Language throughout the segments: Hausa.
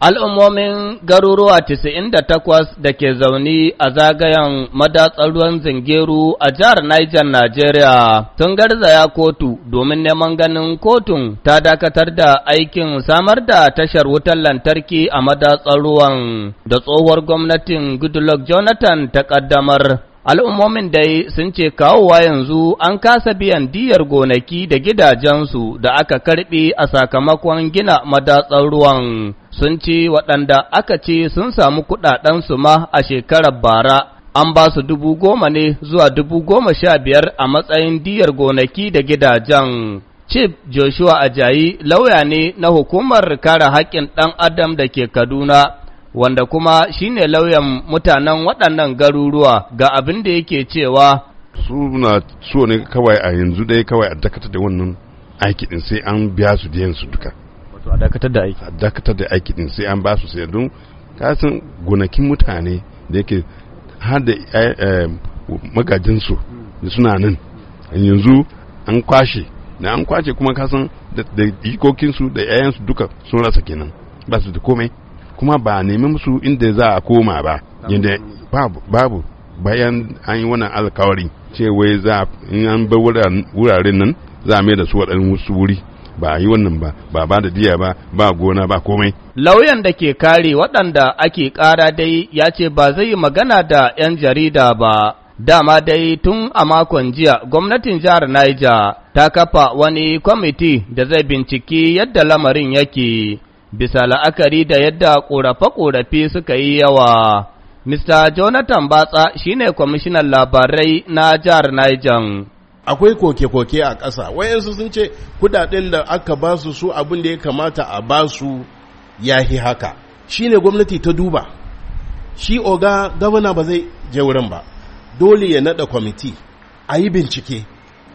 Al'ummomin garuruwa 98 da ke zauni a zagayen madatsar ruwan zingeru a jihar Niger, Najeriya sun garzaya kotu domin neman ganin kotun ta dakatar da aikin samar da tashar wutar lantarki a madatsar ruwan da tsohuwar gwamnatin Goodluck Jonathan ta ƙaddamar. al'ummomin dai sun ce kawowa yanzu an kasa biyan diyar gonaki da gidajensu da aka karɓe a sakamakon gina madatsar ruwan sun ci waɗanda aka ce sun samu kuɗaɗensu ma a shekarar bara an ba su dubu goma ne zuwa dubu goma sha biyar a matsayin diyar gonaki da gidajen. Chief Joshua Ajayi lauya ne na hukumar kare haƙƙin ɗan Adam da ke Kaduna, wanda kuma shi ne lauyan mutanen waɗannan garuruwa ga abin da yake cewa. Su na so ne kawai a yanzu dai kawai a dakata da wannan aiki ɗin sai an biya su diyan su duka. a dakatar da aiki a dakatar aiki din sai an ba su sai don kasan gonakin mutane da yake har da eh, eh, magajinsu da suna nan yanzu an kwashe Na an kwace kuma kasan da jikokinsu da 'ya'yansu duka sun rasa kenan ba su da komai kuma ba nemi musu inda za a koma ba yadda babu bayan an yi wannan alkawari cewa za in an bar wuraren nan za a mai da su waɗannan wuri ba a yi wannan ba ba ba da diya ba ba gona ba komai lauyan da ke kare waɗanda ake ƙara dai ya ce ba zai yi magana da 'yan jarida ba dama dai tun a makon jiya gwamnatin jihar Niger ta kafa wani kwamiti da zai binciki yadda lamarin yake bisa la'akari da yadda ƙorafe-ƙorafe suka yi yawa. Mr. Jonathan Batsa shine kwamishinan labarai na jihar Niger. akwai koke-koke a ƙasa wayansu sun ce kudaden da aka ba su su abin da ya kamata a ba su yahi haka Shi ne gwamnati ta duba shi oga gabana ba zai je wurin ba dole ya nada kwamiti a yi bincike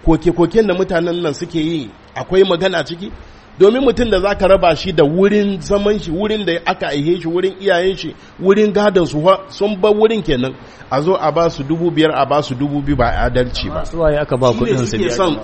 koke-koken da mutanen nan suke yi akwai magana ciki domin mutum da za ka raba shi da wurin zaman shi wurin da aka aihe shi wurin iyayen shi wurin gadon su sun ba wurin kenan a zo a ba su dubu biyar a ba su dubu biyu ba adalci ba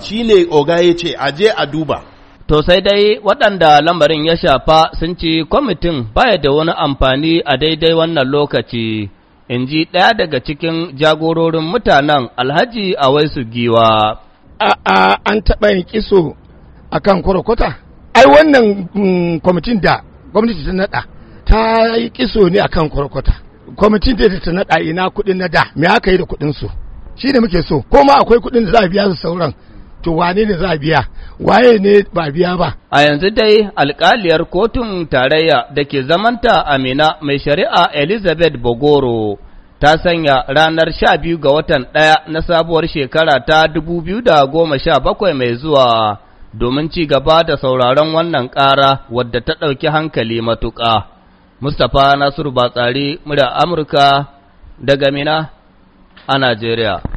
shi ne oga ya ce a je a duba to sai dai waɗanda lambarin ya shafa sun ci kwamitin baya da wani amfani a daidai wannan lokaci in ji ɗaya daga cikin jagororin mutanen alhaji a waisu giwa 'a an taɓa yin kiso akan kurkuta ai wannan mm, kwamitin da gwamnati ta nada ta yi kiso ne a kan kwarkwata kwamitin da ta nada ina kudin na da me aka yi da kudin su shi ne muke so ko ma akwai kudin da za a biya su sauran to wane ne za a biya waye ne ba biya ba a yanzu dai alkaliyar kotun tarayya da ke zamanta amina mai shari'a elizabeth bogoro ta sanya ranar sha biyu ga watan ɗaya na sabuwar shekara ta dubu biyu da goma sha bakwai mai zuwa domin ci gaba da sauraron wannan ƙara wadda ta ɗauki hankali matuƙa. Mustapha Nasiru Batsari, murya Amurka daga Mina a Najeriya.